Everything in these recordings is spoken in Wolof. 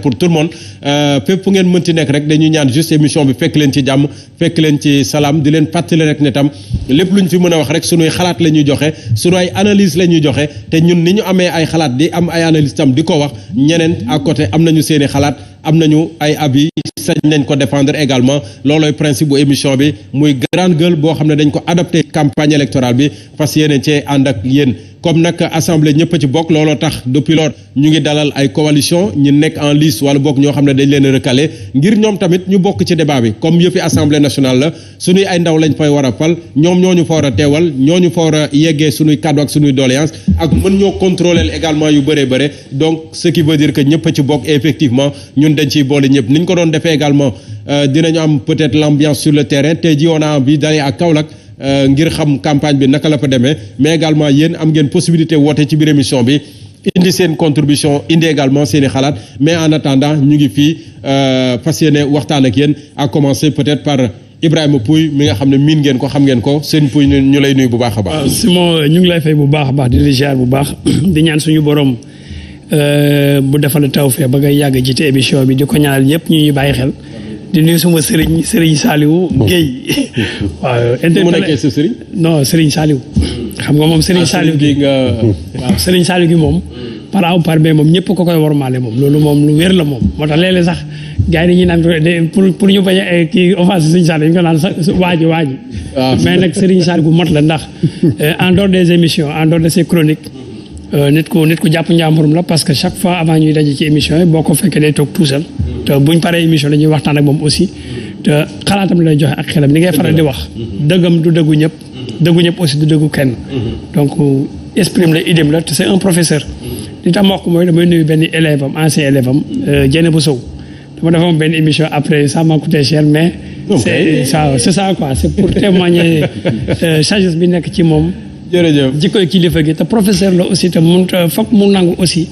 pour tout le monde euh, fépp fu ngeen mënti nekk rek dañuy ñaan juste émission bi fekk leen ci jàmm fekk leen ci salaam di leen fàttali rek ne tam lépp lu ñu fi mën a wax rek sunuy xalaat la ñuy joxe sunu ay analyse la ñuy joxe te ñun ni ñu amee ay xalaat di am ay analyse tam di ko wax ñeneen à côté am nañu seeni xalaat am na ñu ay avis sañ nañ ko défendre également loolooy principe bu émission bi muy grande gueule boo xam ne dañ ko adapté campagne électorale bi parce que yéen cee ànd ak yéen comme nag assemblée ñëpp ci bokk looloo tax depuis lors ñu ngi dalal ay coalition ñi nekk en lice wala bokk ñoo xam ne dañ leen recalé ngir ñoom tamit ñu bokk ci débat bi comme yëfi assemblée nationale la suñuy ay ndaw lañ fay war a fal ñoom ñoo ñu fa war a teewal ñoo ñu fa war a yeggee suñuy kàddu ak suñuy doléance ak mën ñoo contrôler également yu bëree bëre donc ce qui veut dire que ñëpp ci bokk effectivement ñun dañ ciy boole ñëpp ni ñu ko doon defee également euh, am peut-être l'ambiance sur le terrain tey ji on a envie d'aller à Euh, ngir xam campagne bi naka la fa demee mais également yéen am ngeen possibilité woote ci biir émission bi indi seen contribution indi également seen i xalaat mais en attendant ñu ngi fii euh, fas yéene waxtaan ak yéen à commencer peut-être par Ibrahima Pouy mi nga xam ne miin ngeen ko xam ngeen ko seen Pouy ñu lay nuyu bu baax a baax. Ah, Simon ñu ngi lay fay bu baax a baax di la ziar bu baax di ñaan suñu borom euh, bu defal tawfeex ba ngay yàgg jiite émission bi di ko ñaanal ñëpp ñu ñuy bàyyi xel. di nuyu suma Serigne Serigne Saliou Guèye. waaw inter. mu nekkee si xam nga moom Serigne ah, Saliou gi nga. waaw gi moom. par A ou par B moom ñëpp ko koy wormaale moom loolu moom lu wér la moom moo tax léeg sax gars yi dañuy naan pour pour ñu bañ eh, kii offense Serigne Saliou dañu ko naan sax waaji waaji ah. mais nag Serigne Saliou gu mot la ndax eh, en dehors des émissions en dehors de ses chroniques. Euh, nit ku nit ku jàpp njàmburum la parce que chaque fois avant ñuy daje ci émission yi boo ko fekkee day toog tout seul te buñ paree émission dañuy waxtaan ak moom aussi te xalaatam lay joxe ak xelam li ngay faral di wax dëggam du dëggu ñëpp dëggu ñëpp aussi du dëggu kenn donc exprime la idéem la te c'est un professeur li tax ma wax ko mooy damay nuyu benn élève am ancien élève am euh, Dieynaba Sow dama defoon benn émission après ça m'a coûté cher mais c'est ça c'est euh, bi nekk ci moom jërëjëf jikkoy kilifa gi te professeur la aussi te mun foog mu nangu aussi. Mhm.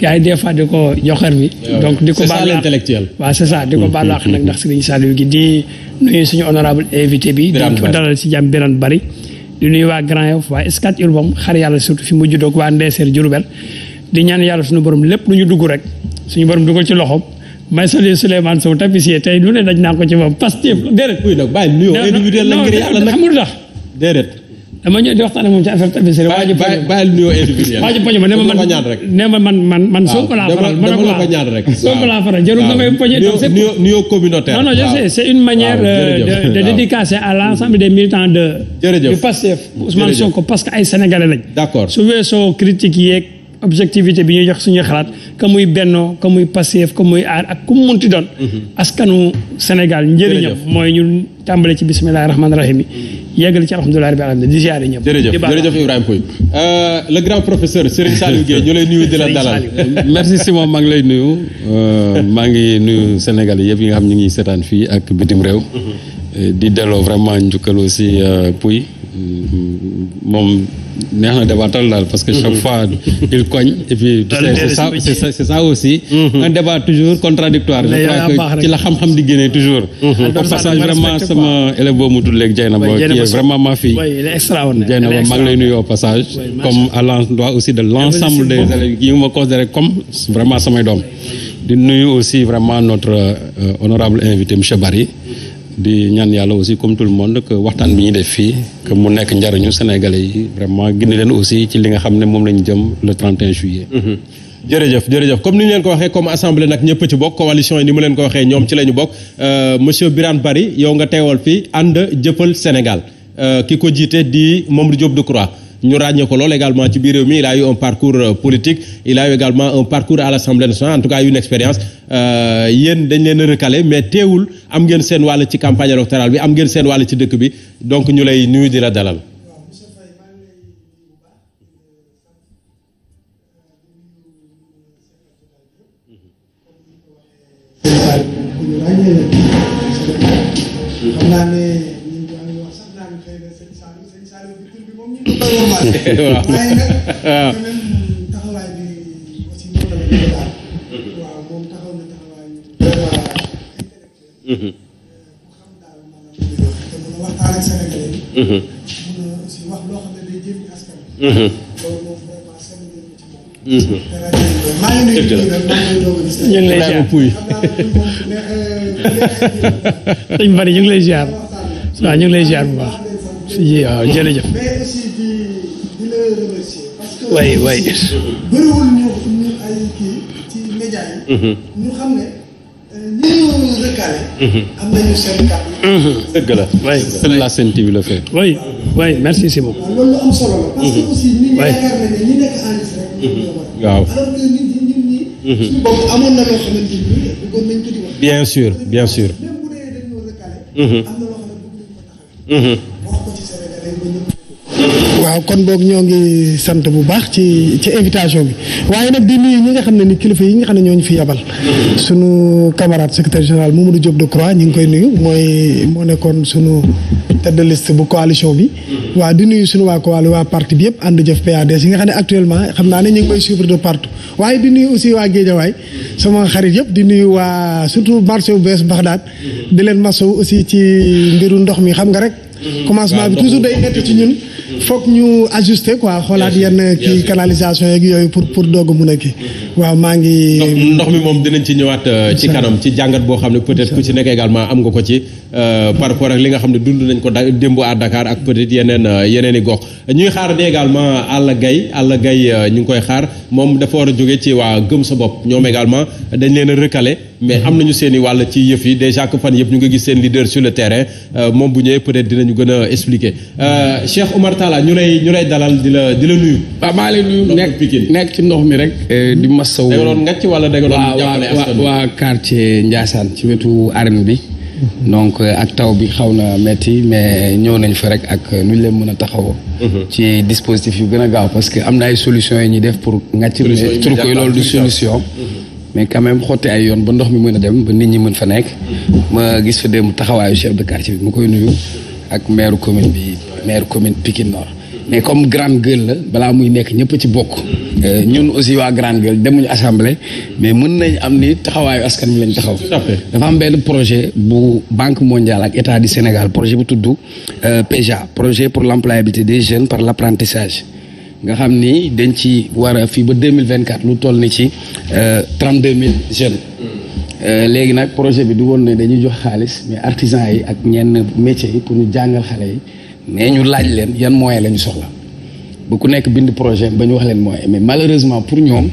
gars yi des di ko joxer bi. donc di ko baalu àq nag mhm. ndax Serigne Saliou gi di nuyu suñu honorable invité bi. donc dalal si jàmm Birane Bari. di nuyu waa Grand Yoff waa Scat Urbam xar yàlla surtout fi mu juddoo waa Ndeeseer Diourbel di ñaan yàlla suñu borom lépp lu ñu dugg rek suñu borom dugal ci loxoom. may soli Souleymane Sow tapissier tey lu ne daj naa ko ci moom parce que déedéet. oui nag bàyyi nuyoo. dama ñëw di waxtaan ak moom ci affaire tapisserie. bàyyi bàyyi lu nuyoo individuel. waa ji ma ne ma man man man man Sonko ma ne ko waaw Sonko laa faral jarul nga may poñe. nuyoo nuyoo communautaire. non non je c'est une manière euh, de de dédicacer l'ensemble des militants de. jërëjëf du Sonko parce que ay sénégalais lañ. d'accord su weesoo critiques yeeg. objectivité bi ñuy jox suñuy xalaat que muy Benno que muy Pastef que muy aar ak ku mu munti doon. Mhm. askanu Sénégal njëriñam. mooy ñu tàmbale ci bisimilah rahmaani rahim yi. Mhm. yeggali ci alhamdulilah rabbil alamin di ziare ñëpp. jërëjëf jërëjëf Ibrahima Pouye euh, le grand professeur Serigne Saliou Gueye ñu lay nuyu di la dalal. Euh, merci Simon maa ngi lay nuyu. Euh, maa ngi nuyu Sénégal yëpp yi nga xam ñu ngi seetaan fii ak bitim réew. Mhm. di delloo vraiment njukkal aussi Pouye. moom neex na débattal daal parce que chaque mhm. fois il cogne et c'est ça aussi mhm. un débat toujours contradictoire ci la xam-xam di génne toujours mhm. au passage vraiment sama élève boobu mu tudd léegi Dieynaba qui est vraiment ma fille maa ngi lay nuyu au passage comme à l'endroit aussi de l'ensemble des élèves yi ma considéré comme vraiment samay doom di nuyu aussi vraiment notre euh, honorable invité monsieur Barry di ñaan yàlla aussi comme tout le monde que waxtaan bi ñuy def fii que mu nekk njariñu sénégalais yi vraiment gindi leen aussi ci li nga xam ne moom lañu jëm le 31 juillet. Mhm. jërëjëf jërëjëf comme ni ñu leen ko waxee comme assemblée nag ñëpp ci bokk coalition yi ni mu leen ko waxee ñoom ci la ñu bokk euh, monsieur Birane Bari yow nga teewal fii ànd jëfal Sénégal euh, ki ko jiite di moom Mamadou Diop Decroix. ñu ràññee ko lool également ci biir réew mi il a eu un parcours euh, politique il a eu également un parcours à l'Assemblée nationale en tout cas une expérience euh, yéen dañ leen a mais teewul am ngeen seen wàll ci campagne électorale bi am ngeen seen wàll ci dëkk bi donc ñu lay nuyu di la dalal. Mmh. waaw waaye nag. waaw même taxawaay bi aussi moom la ñu daal. waaw moom taxaw na taxawaay vraiment intellectuel. ku xam daal maanaam li muy wax te mën a waxtaan ak Sénégalais yi. mën a aussi wax loo xam ne day jëriñ askan wi. loolu moom vraiment seen njëriñ ci moom. te rajo yi moom maa ngi nuyu kii rek maa ngi doog a gis. ñu ngi lay ziar sëñ Bari ñu ngi lay ziar waaw ñu ngi lay ziar bu baax. waaw jërëjëf. mais aussi di way way bëriwul ñu ñu ay kii ci média yi. Mhm. ñu xam ne ñi euh, ñu waroon a recalé. Mhm. am nañu seen kàddu. Mhm. dëgg la waay seen la Sen TV la fait. waay waay merci si moom. waaw loolu am solo la. parce que aussi nit ñi yaakaar na ne ñi nekk en ligne rek. waaw alors que nit ñi nit ñi. suñu bopp amoon na loo xamante ni bëggoon nañ ko di wax. bien sûr bien sûr. même bu dee dañoo recalé. am na loo xam ne bëgg nañ ko taxawee. wax ko ci Sénégalais ba ñëpp. waaw kon boog ñoo ngi sant bu baax ci ci invitation bi waaye nag di nuyu ñi nga xam ne ni kilifa yi nga xam ne ñoo ñu fi yabal sunu camarade secrétaire général Mamadou de Decroix ñu ngi koy nuyu mooy moo nekkoon sunu tête de liste bu coalition bi. waa di nuyu suñu waa coal waa parti bi yëpp ànd jëf PADS yi nga xam ne actuellement xam naa ne ñu ngi koy suivre de partout waaye di nuyu aussi waa Géejawaay sama xarit yëpp di nuyu waa surtout marché bu bees Baxdaad di leen masawu aussi ci mbiru ndox mi xam nga rek. Mm-hmm. foog ñu ajusté quoi xoolaat yenn kii canalisation yeeg yooyu pour pour doog a mun a kii mm-hmm. waaw maa ngi. ndox mi moom dinañ ci ñëwaat. Euh, ci kanam ci jàngat boo xam ne peut-être ku ci nekk également am nga ko ci. Euh, par rapport ak li nga xam ne dund nañ ko démb à Dakar ak peut-être yeneen euh, yeneen i gox ñuy xaar de également Alla Gaye Alla Gaye ñu ngi koy xaar moom dafa war a jóge ci waa gëm sa bopp ñoom également dañ leen a recalé. mais am nañu seen i wàll ci yëf yi déjà que fan yëpp ñu nga gis seen leader sur le terrain euh, moom bu ñëwee peut-être dinañu gën a expliquer euh, Cheikh Oumar Talla ñu lay dalal di la di la nuyu. waaw maa lay nuyu nekk nekk ci ndox mi rek. Euh, di masawu da nga doon ngàcc wala da nga doon jàppale askan waa quartier Ndiassane ci wetu arène bi. donc ak taw bi xaw na metti mais ñëw nañu fa rek ak nu ñu leen mën a taxawoo. Mhm. ci dispositif yu gën a gaaw parce que am na ay solutions yi ñuy def pour. ngàcc mais tur ko loolu solution. Mhm. mais quand même xotti ay yoon ba ndox mi mën a dem ba nit ñi mën fa nekk ma gis fa démb taxawaayu chef de quartier bi mu koy nuyu ak maire commune bi maire commune Pikine Nord mais comme grande gueule la balaa muy nekk ñëpp ci bokk euh, ñun aussi waa grande gueule demuñu assemblée mais mën nañ am ni taxawaayu askan mi lañ taxaw dafa am benn projet bu banque mondiale ak état du Sénégal projet bu tudd euh, PEJA projet pour l'employabilité des jeunes par l'apprentissage nga xam ni dañ ci war a fii ba deux mille vingt quatre lu toll ni ci euh, trente deux mille jeunes. Mm. Euh, léegi nag projet bi di woon ne dañuy jox xaalis mais artisans yi ak ñenn métiers yi pour ñu jàngal xale yi mais ñu laaj leen yan moyens la ñu soxla ba ku nekk bind projet ba ñu wax leen moyens mais malheureusement pour ñoom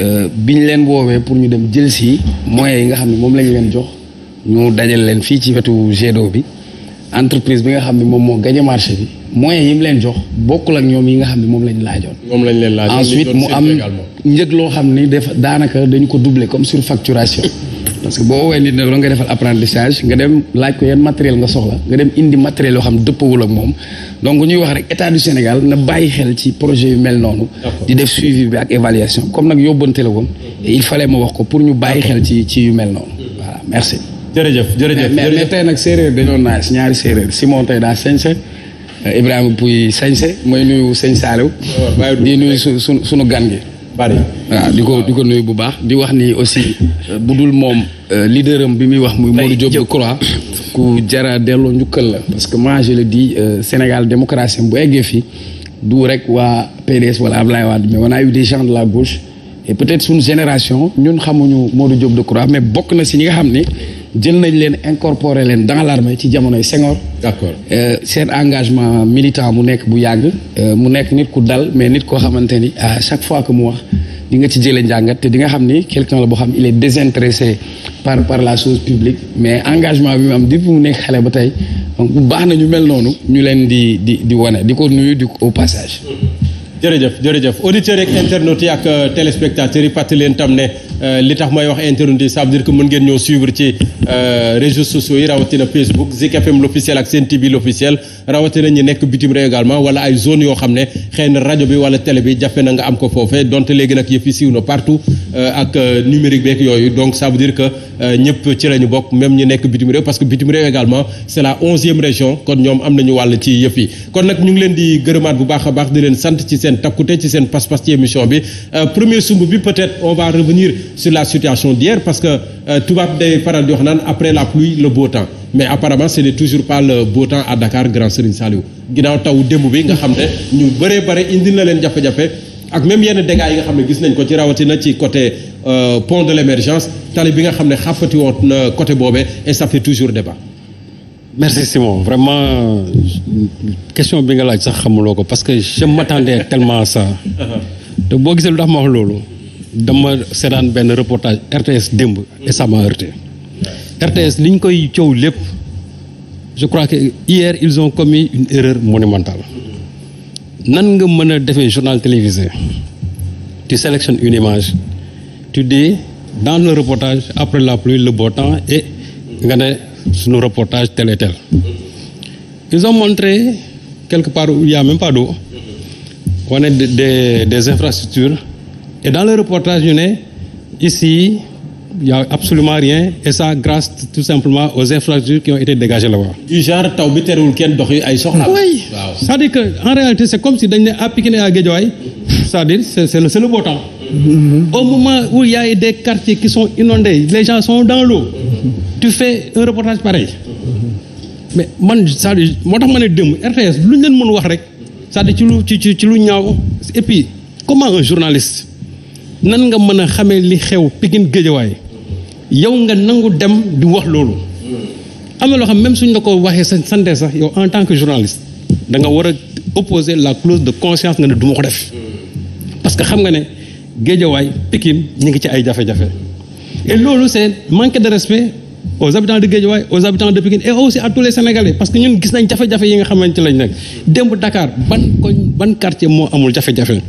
euh, bi ñu leen woowee pour ñu dem jël si moyens yi nga xam ne moom la leen jox ñu dajale leen fii ci wetu GDO bi. entreprise bi nga xam ne moom moo gagné marché bi moyens yi mu leen jox bokk ak ñoom yi nga xam ne moom lañ laajoon. moom lañ leen laajoon ensuite mu am njëg loo xam ni def daanaka dañu ko doubler comme surfacturation. parce que boo woowee nit nag nga defal apprentissage nga dem laaj ko yan matériel nga soxla nga dem indi matériel yoo xam dëppawul ak moom donc ñuy wax rek état du Sénégal na bàyyi xel ci projet yu mel noonu. di def suivi bi ak évaluation comme nag yóbbante la woon. il ma wax ko pour ñu bàyyi xel ci ci yu mel noonu. Mm. voilà jërëjëf jërëjëf mais mais nag séeréer dañoo naa ñaari séeréer Simon tey daa sañse Ibrahima Pouy sañse mooy nuyu sëñ Saalew oh, di nuyu su sunu gan gi bari di ko di ko nuyu bu baax di wax ni aussi euh, bu dul moom euh, leader am bi muy wax muy Modou Diop Decroix ku jara delloo njukkal la parce que moi je le dis euh, Sénégal démocratie bu eggee fii du rek waa PDS wala Ablaye Wade mais on a eu des gens de la gauche et peut-être suñu génération ñun xamuñu Modou de Decroix mais bokk na si ñi nga xam ni jël nañ leen incorporé leen dans l'armée ci jamonoy Senghor. d'accord euh, seen engagement militant mu nekk bu yàgg. Euh, mu nekk nit ku dal mais nit koo xamante ni à chaque fois que mu wax di nga ci jëlee njàngat te di nga xam ni quelqu'un la boo xam il est désintéressé par par la chose publique mais engagement bi mu am depuis mu nekk xale ba tey donc bu baax na ñu mel noonu ñu leen di di di wane di ko nuyu di au passage. jërëjëf jërëjëf auditeurs yeeg internautes yi ak euh, téléspectateurs yi fàttali leen tam ne. Euh, li tax may wax internet yi ça veut dire que mën ngeen ñoo suivre ci euh, réseaux sociaux yi rawatina Facebook Zik FM l'officiel ak Sen TV l'officiel rawatina ñi nekk bitim réew également wala ay zone yoo xam ne xëy na rajo bi wala télé bi jafe na nga am ko foofee donte léegi nag yëf yi siiw na partout euh, ak yooyu donc ça veut que ñëpp ci la ñu bokk même ñi nekk bitim rek parce que bitim réew également c'est la onzième région kon ñoom am nañu wàll ci yëf yi kon nag ñu ngi leen di gërëmaat bu baax a baax di leen sant ci seen takkute ci seen pas-pas ci émission bi premier sumb bi peut sur la situation d'hier parce que euh, tubaab day faral di wax naan après la pluie le beau temps mais apparemment ce n'est toujours pas le beau temps à Dakar Grand Serigne Saliou ginnaaw taw démb bi nga xam ne ñu bëree bëri indi na leen jafe-jafe ak même yenn dégâts yi nga xam ne gis nañ ko ci rawatina ci côté euh, pont de l'émergence tali bi nga xam ne xàppati woon na côté boobee et ça fait toujours débat. merci Simon vraiment question bi nga laaj sax xamuloo ko parce que je m'attendais tellement à ça. te boo gisee lu tax ma dama seetaan benn reportage RTS démb et ça m'a RTS liñ koy coow lépp je crois que hier ils ont commis une erreur monumentale nan nga mën a defee journal télévisé tu sélectionnes une image tu dis dans le reportage après la pluie le beau temps et nga ne suñu reportage tel et tel ils ont montré quelque part où il y a même pas des des infrastructures Et dans le reportage, ñu ne ici, il a absolument rien et ça grâce tout simplement aux infrastructures qui ont été dégagées là-bas. du taw bi terewul kenn dox yi ay soxla. oui cest dire que en réalité c'est comme si dañ ne à a à cest dire c'est c'est le c'est le beau mm-hmm. au moment où des quartiers qui sont inondés les gens sont dans l'eau tu fais un reportage pareil mais man cest dire moo tax ma ne démb RTS lu ñu leen mën wax rek c'est-à-dire ci lu ci ci lu ñaaw et puis comment un nan nga mën a xamee li xew Pikine Géejawaay yow nga nangu dem di wax loolu am na loo xam même suñ la ko waxee sa santé sax yow en tant que journaliste da war a opposer la clause de conscience nga ne du ma ko def parce que xam nga ne Géejawaay Pikine ñu ngi ci ay jafe-jafe et loolu c'est manque de respect aux habitants de Guédiawaye aux habitants de Pikine et aussi parce que ñun gis nañ jafe-jafe yi nga xamante lañ nekk démb Dakar ban koñ ban quartier moo amul jafe-jafe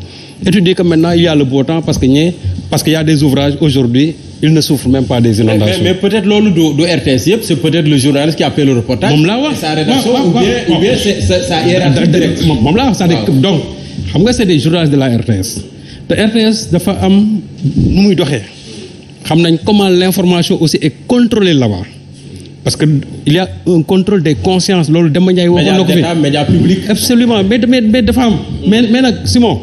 Et tu dis que maintenant, il y a le beau temps parce qu'il parce qu'il y a des ouvrages aujourd'hui, ils ne souffrent même pas des inondations. Mais, peut-être l'ONU de, RTS, c'est peut-être le journaliste qui a fait le reportage. Bon, là, ouais. Sa rédaction, ou bien, ou bien ça est en direct. Bon, de la RTS. La RTS, dafa am muy doxé. Xam nañ comment l'information aussi est contrôlée là-bas. parce que il y a un contrôle des consciences loolu Demba Ndiaye waxoon na ko fi média public absolument mais mais mais dafa am mais mais nag Simon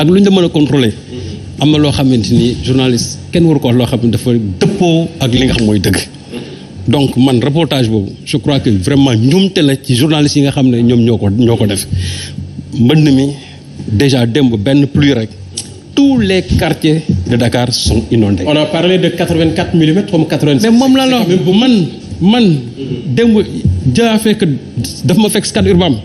ak lu ñu la mën a contrôler mm-hmm. am na loo xamante ni journaliste kenn waru ko wax loo xam ne dafa dëppoo ak li nga xam mooy dëgg mm-hmm. donc man reportage boobu je crois que vraiment njuumte la ci journaliste yi nga xam ne ñoom ñoo ko ñoo ko def mbënd mi déjà démb benn pluie rek tous les quartiers de Dakar son inondés. on a parlé de 84 millimètres comme 86. mais moom la la bu man man. Mm-hmm. démb jaa fekk daf ma fekk Scat Urbam.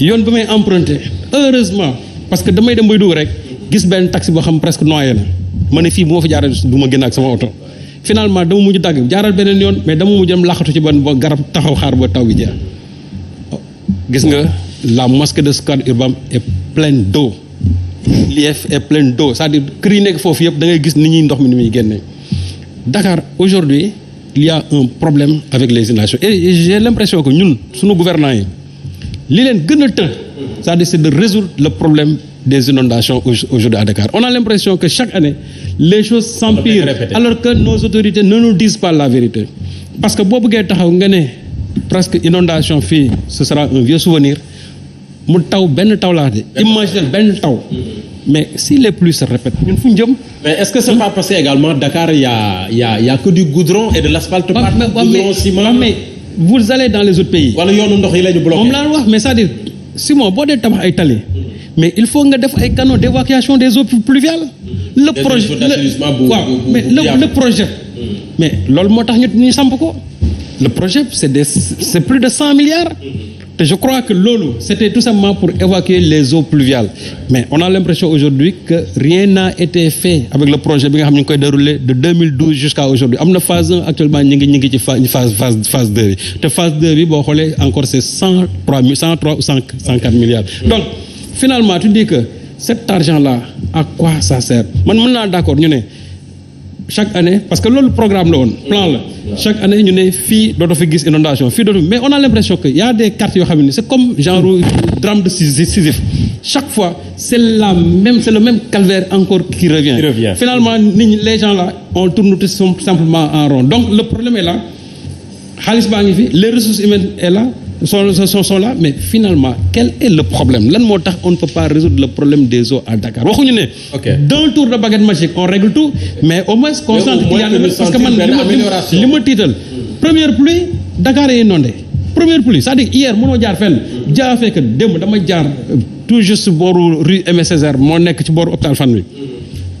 yoon bi may emprunté heureusement. parce que damay dem bay dugg rek gis benn taxi boo xam presque noyé na ma ne fii bu ma fi jaaree du ma génn ak sama oto finalement dama mujj dagg jaaral beneen yoon mais dama mujj dem laxatu ci ban ba garab taxaw xaar ba taw bi jeex gis nga la mosquée de Scat Urbam est pleine d'eau l'IEF est pleine d'eau c'est-à-dire kër yi nekk foofu yëpp da ngay gis ni ñuy ndox mi ni muy génnee Dakar aujourd'hui il y a problème avec les inondations et j'ai l'impression que ñun suñu gouvernants yi li leen gën cest à de résoudre le problème des inondations aujourd'hui à Dakar. On a l'impression que chaque année, les choses s'empirent alors que nos autorités ne nous disent pas la vérité. Parce que boo bëggee taxaw nga ne presque inondation fii ce sera un vieux souvenir mu taw benn taw laa de imagine benn taw mais si les pluies répètent ñun fu ñu jëm. mais est-ce que c'est pas parce également Dakar y que du goudron et de l'asphalte. waaw mais waaw mais vous allez yoonu ndox yi la ñu Simon boo dee tabax ay tali mais il faut nga def ay canaux d'évacuation des eaux pluviales le projet waaw mais le projet hmm. mais loolu moo tax ñu ñu samp ko le projet c'est des c'est plus de cent milliards te je crois que loolu c'était tout simplement pour évacuer les eaux pluviales mais on a l'impression aujourd'hui que rien n'a été fait avec le projet bi nga xam ñu ngi koy déroulé de 2012 jusqu'à aujourd'hui am na phase 1 actuellement ñu ngi ñu ngi ci phase phase phase 2 bi te phase 2 bi boo xoolee encore c'est 103 103 ou 104 milliards donc finalement tu dis que cet argent là à quoi ça sert man mën naa d'accord ñu ne chaque année parce que loolu programme la woon plan la chaque année ñu ne fii dootoo fi gis inondation fii dootoo mais on a l'impression que y a des yoo xam c'est comme genre drame de Sisyphe chaque fois c'est la même c'est le même calvaire encore qui revient, qui finalement nit ñi les gens là on tourne tout simplement en rond donc le problème est là xaalis baa ngi fi les ressources humaines est là sont, sont, sont là mais finalement quel est le problème lan moo tax on ne peut pas résoudre le problème des eaux à Dakar waxuñu ne. d'un tour de baguette magique on règle tout mais au moins. concentre y a parce que man li ma tiital. première pluie Dakar est inondé première pluie cest dire hier mënoo jaar fenn jaa fekk démb dama jaar euh, tout juste booru rue Aimé moo nekk ci booru hôpital fan wi.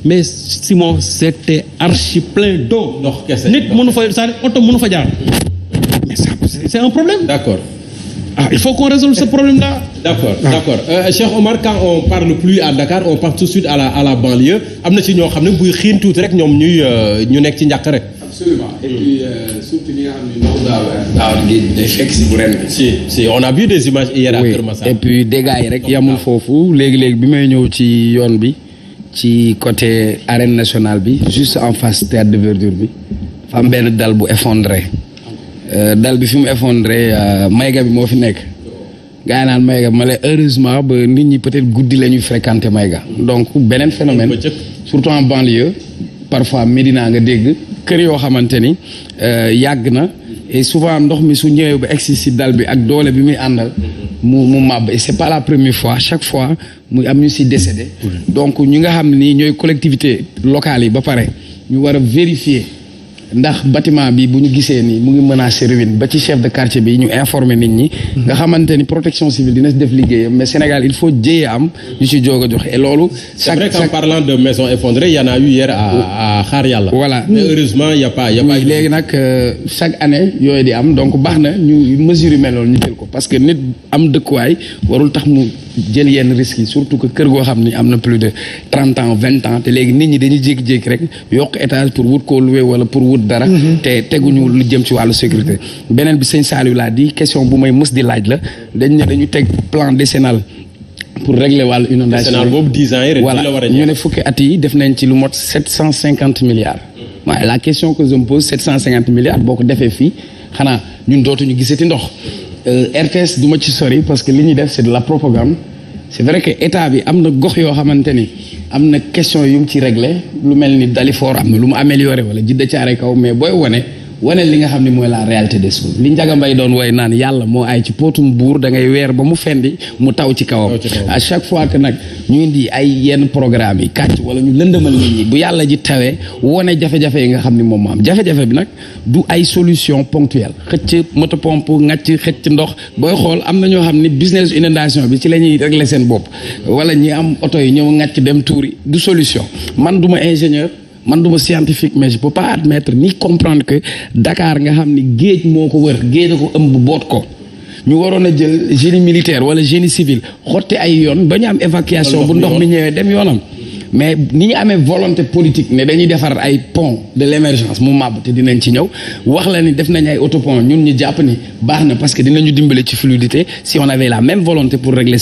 mais Simon c'était archi plein d'eau. ndox kese nit mënu fa c'est-à-dire oto mënu fa jaar mais ça c'est un problème. d'accord. Ah, il faut qu'on résolve ce problème-là. D'accord, ah. d'accord. Euh, Omar, quand on parle plus à Dakar, on part tout suite à la, à la banlieue. am na ci ñoo xam ne buy xiin tuuti rek ñoom ñuy euh, ñu nekk ci njàq rek. et puis euh, day euh, fekk si bu ren a vu des images hier à Kër Massar. yi rek yamul foofu léegi-léegi bi may ñëw ci yoon bi ci côté arène nationale bi juste en face théâtre de verdure bi dafa am benn dal bu effondré. Euh, dal bi fi mu effondré euh, mayga bi moo fi nekk gaa yi naan mayga bi ma lay heureusement ba nit ñi peut-être guddi la ñuy fréquenté mayga donc beneen phénomène surtout en banlieue parfois Médina nga dégg kër yoo xamante ni euh, yàgg na et souvent ndox mi su ñëwee ba egsi si dal bi ak doole bi muy àndal mu mu màbb et c'est pas la première fois chaque fois mu am ñu si décédé donc ñi nga xam ni ñooy collectivité locale yi ba pare ñu war a vérifier ndax batiment bi bu ñu gisee nii mu ngi menacer ruine ba ci chef de quartier bi ñu informé nit ñi mhm. nga xamante ni protection civile dina def liggéey mais Sénégal il faut jéyee am ñu ci jóg a joxe loolu c'est vrai qu'en parlant de maison effondrée y en Xaar Yàlla voilà mais heureusement a pas y a pas léegi euh, chaque année yooyu di am donc baax na ñu mesure yu ñu jël ko parce que nit am dëkkuwaay warul tax mu jël yenn risques yi surtout que kër goo xam ni am na plus de trente ans vingt ans te léegi nit ñi dañuy jékki-jékki rek yokk étage pour wut koo loué wala pour wut dara mm-hmm. te teguñu lu jëm ci wàllu sécurité beneen bi sëñ Saliou laa di question bu may mës di laaj la dañ ne dañu teg plan décennal pour régler wàllu inondation boobu dix ans yi voilà ñu ne fukki at yi def nañ ci lu mot sept cent cinquante milliards mm-hmm. waaye la question que je me pose sept cent cinquante milliards boo ko defee fii xanaa ñun dootuñu gisati ndox Euh, RTS du ma ci sori parce que li ñuy def c'est de la propagande c'est vrai que état bi am na gox yoo xamante ni am na question yu mu ci réglé lu mel ni Dalifort am na lu mu ameliore wala jidda caare kaw mais booy wone wane li nga xam ne mooy la réalité des choses li Njaga Mbay doon woy naan yàlla moo ay ci pootum buur da ngay weer ba mu fendi mu taw ci kawam à chaque fois que nag ñu indi ay yenn programme yi kàcc wala ñu lëndëmal nit ñi bu yàlla ji tawee wane jafe-jafe yi nga xam ni moom moo am jafe-jafe bi nag du ay solution ponctuelle xëcc moto pompe ngàcc xëcc ndox booy xool am na ñoo xam ne business inondation bi ci la ñuy régler seen bopp wala ñi am oto yi ñëw ngàcc dem tuuri du solution man du ma scientifique mais je peux pas ni comprendre que Dakar nga xam ni géej moo ko wër géej a ko ëmb boot ko ñu waroon a jël génie militaire wala génie civil xotti ay yoon ba ñu am évacuation bu ndox mi ñëwee dem yoonam mais ni ñu amee volonté politique ne dañuy defar ay pont de l' émergence mu màbb te dinañ ci ñëw wax la ni def nañ ay autopont ñun ñu jàpp ni baax na parce que dinañu dimbale ci fluidité si on avait la même volonté pour régler